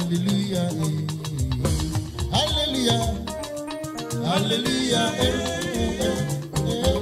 hallelujah eh. hallelujah hallelujah. Eh, eh, eh, eh.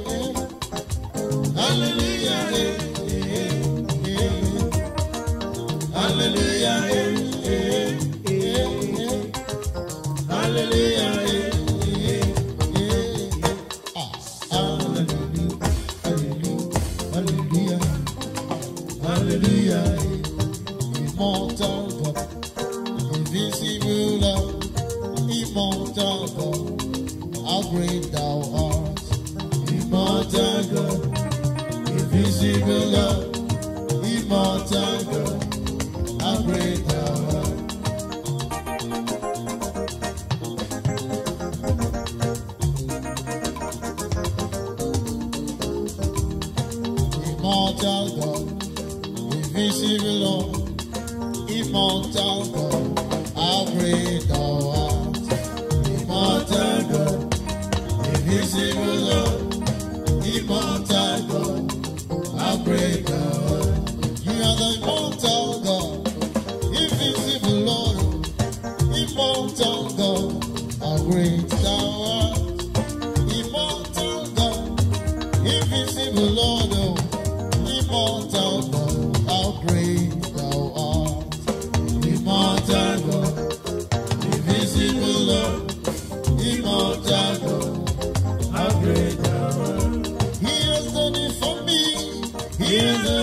in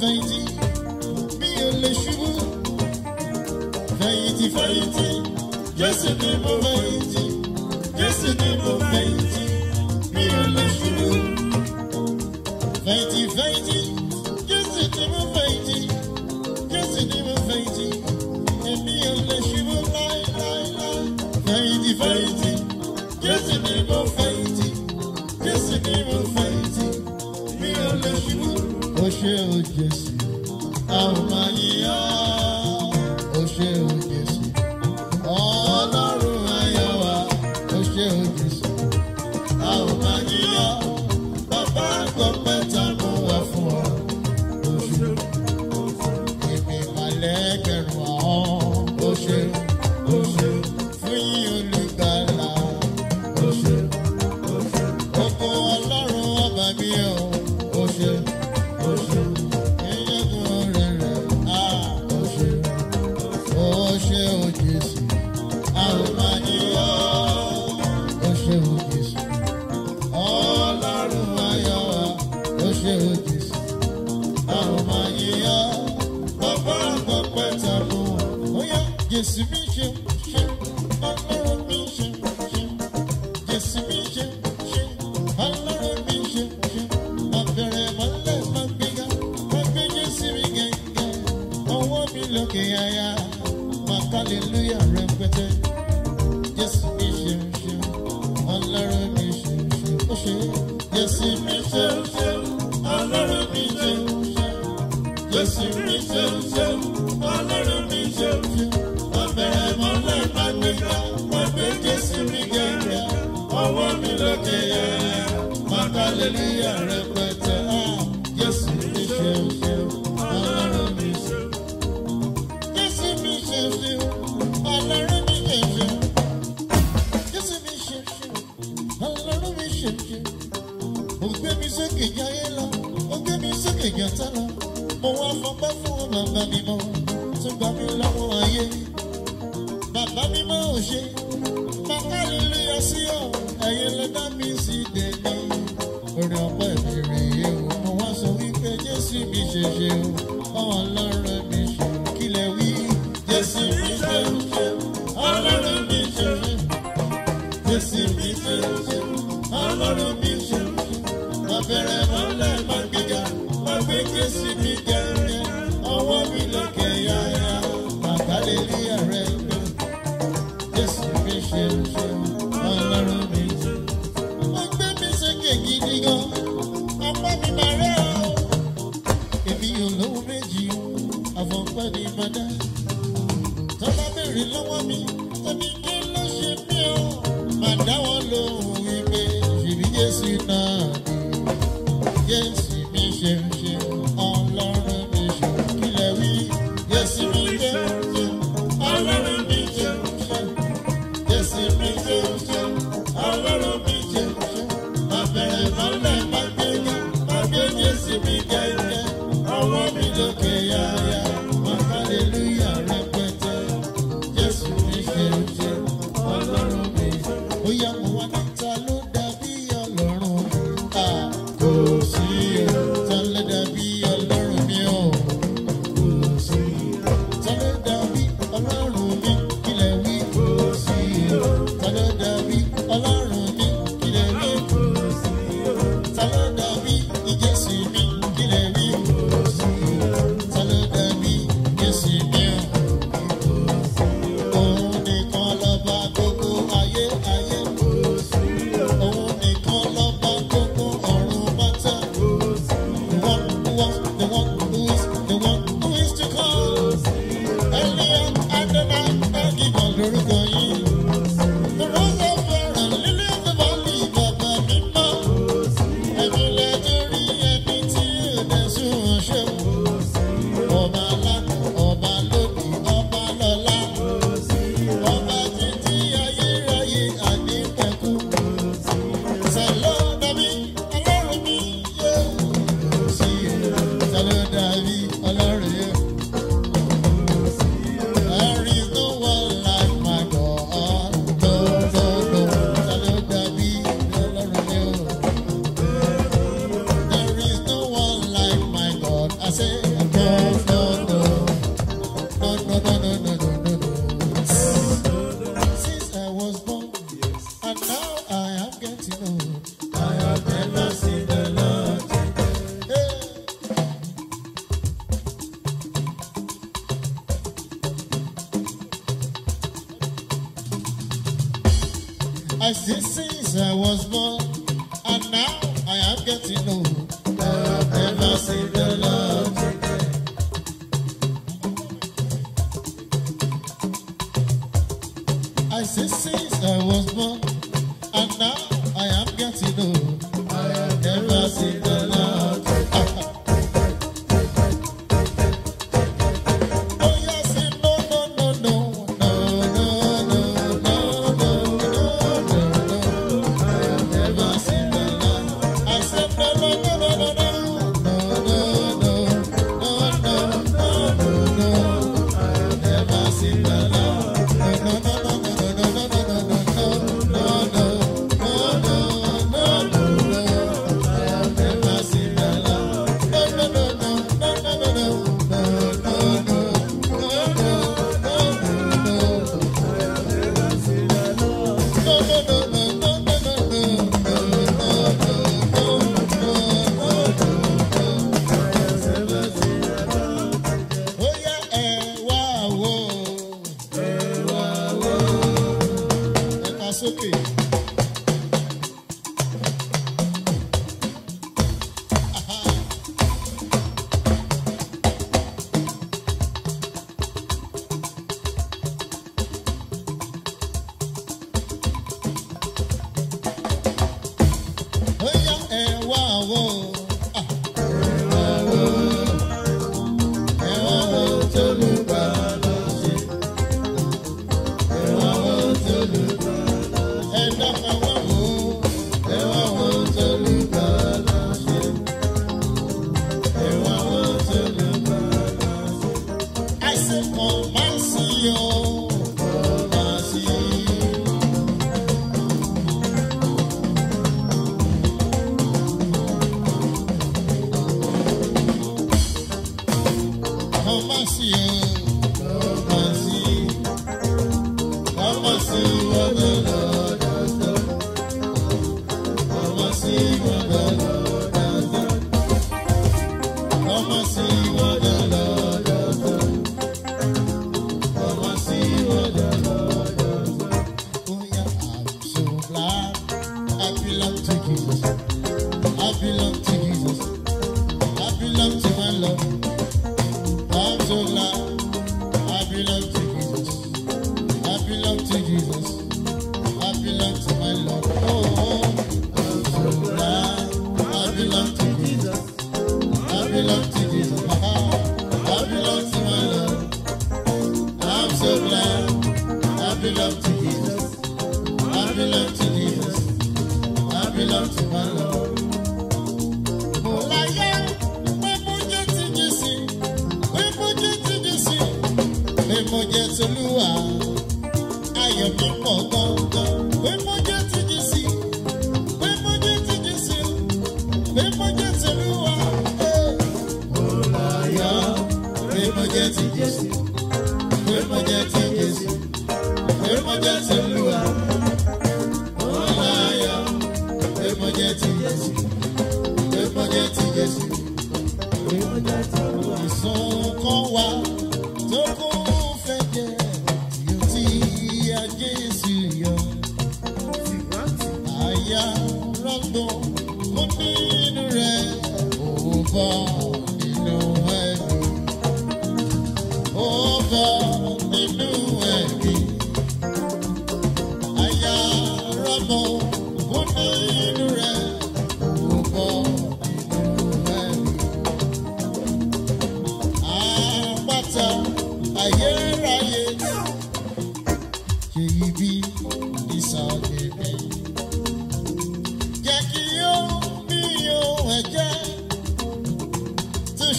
fẹ̀yìntì mi o le ṣubú. Fẹ̀yìntì fẹ̀yìntì Jésù ni mo fẹ̀yìntì Jésù ni mo fẹ̀yìntì. ṣe o Jésù, a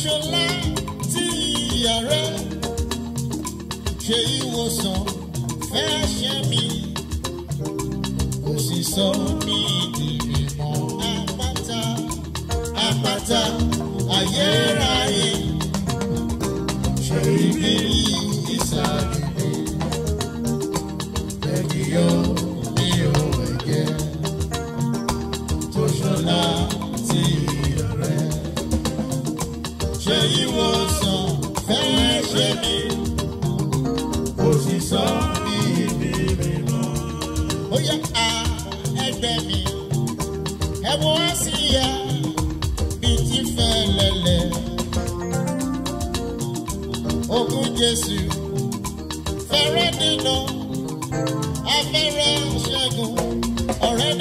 ṣọlá tí ìyá rẹ ṣe ìwòsàn fẹ́ ṣe mí kò sì sọ mí dìrì mọ́ àpáta àpáta ayérayé ṣe ìbéèrè ìsàlẹ̀. ẹ̀wọ̀n á sì yá bí ti fẹ́ lẹ́lẹ̀. Ogun Jésù fẹ́rẹ́ dènà afẹ́rẹ́ ṣẹ́gun ọ̀rẹ́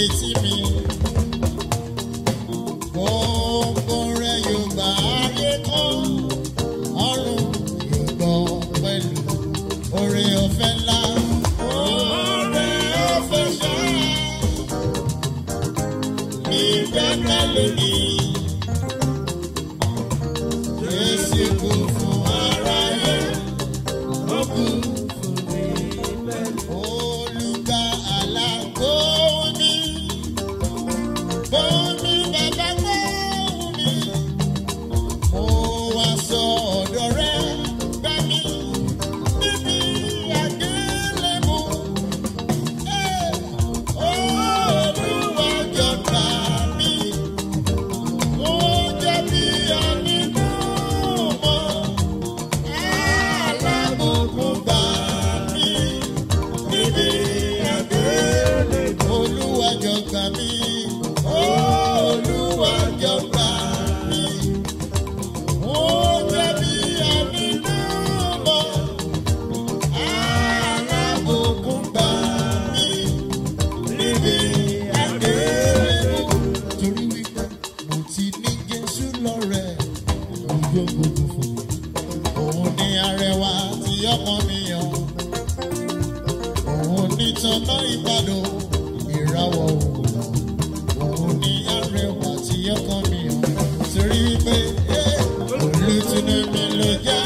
Unity Yeah.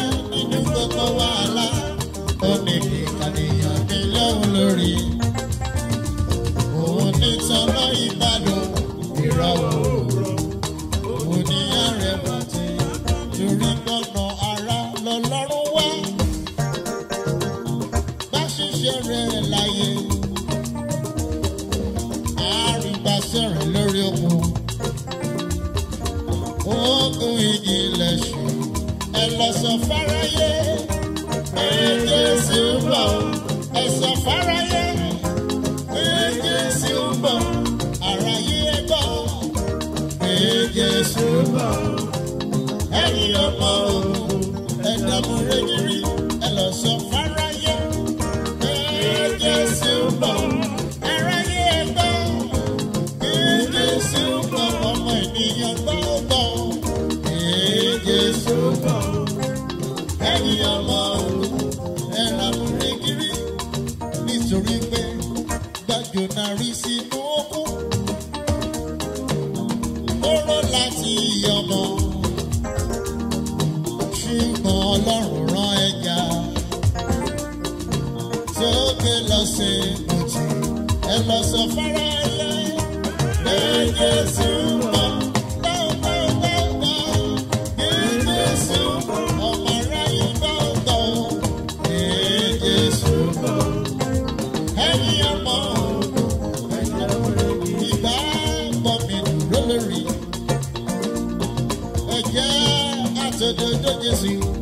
认人。da da da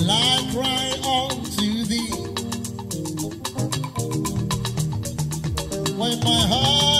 I cry thee. When my heart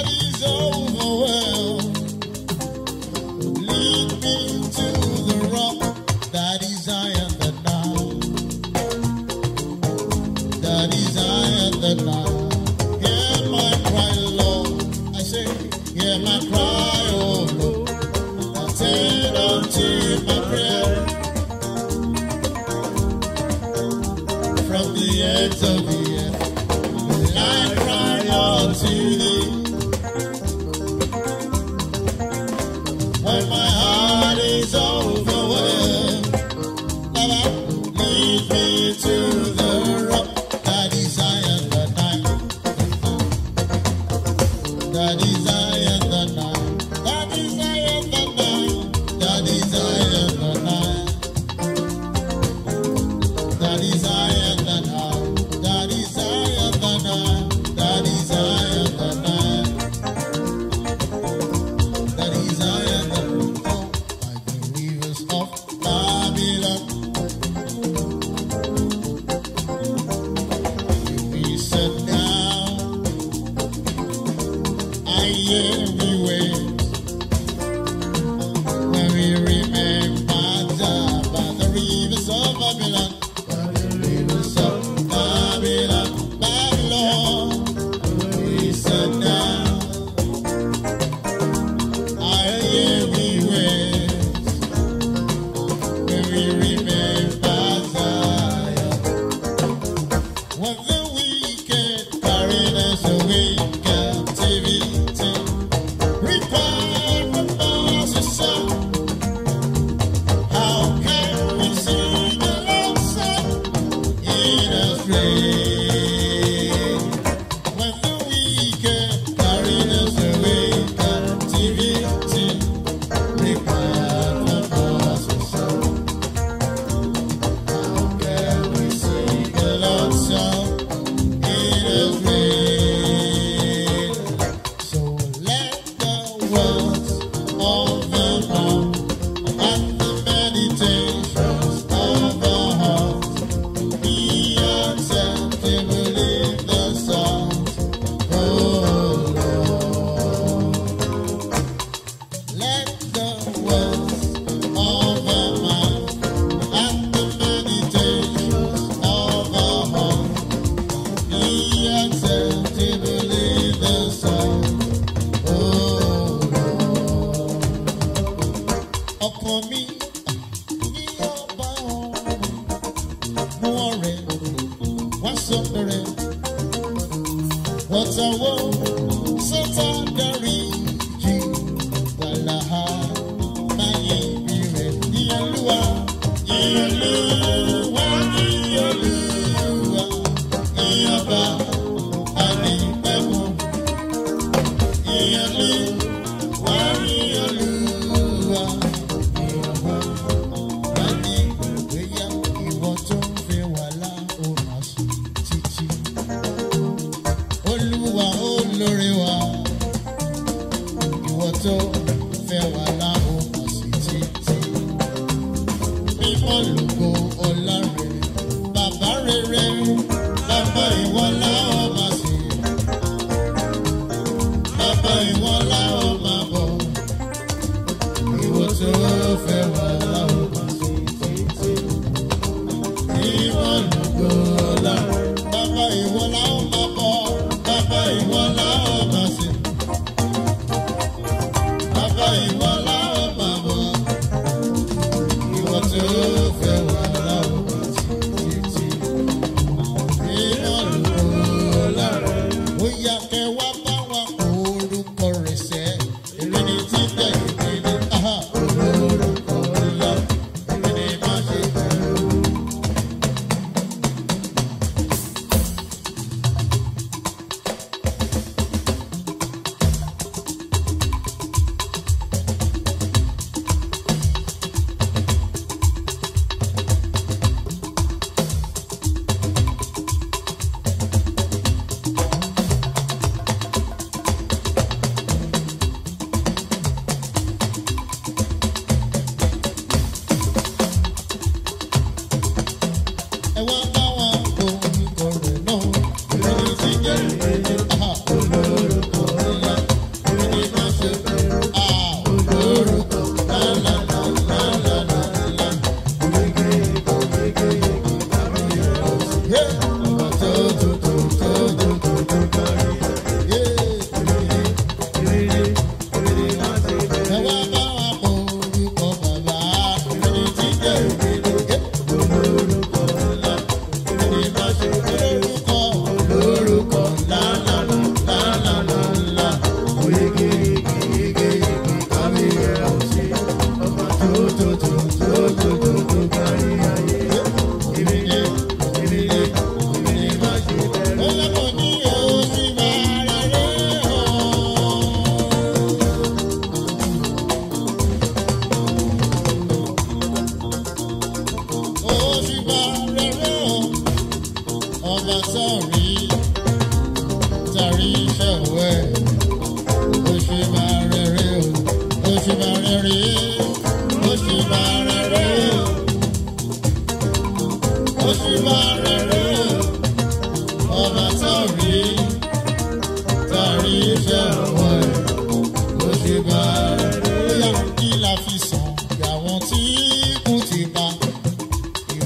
hallelujah.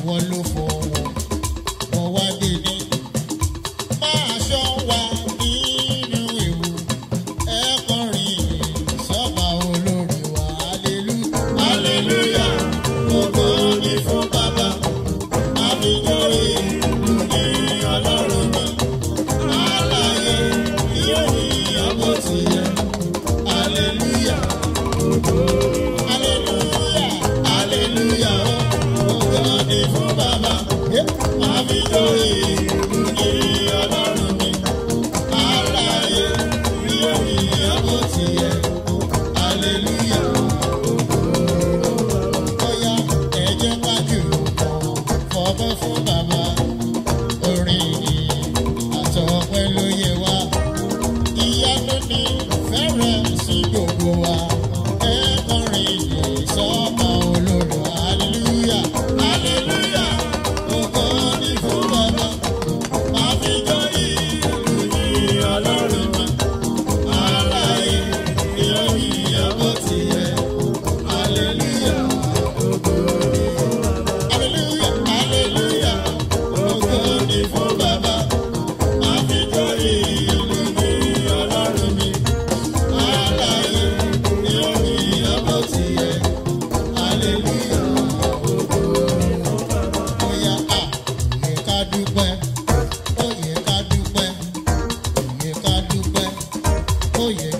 One. oye.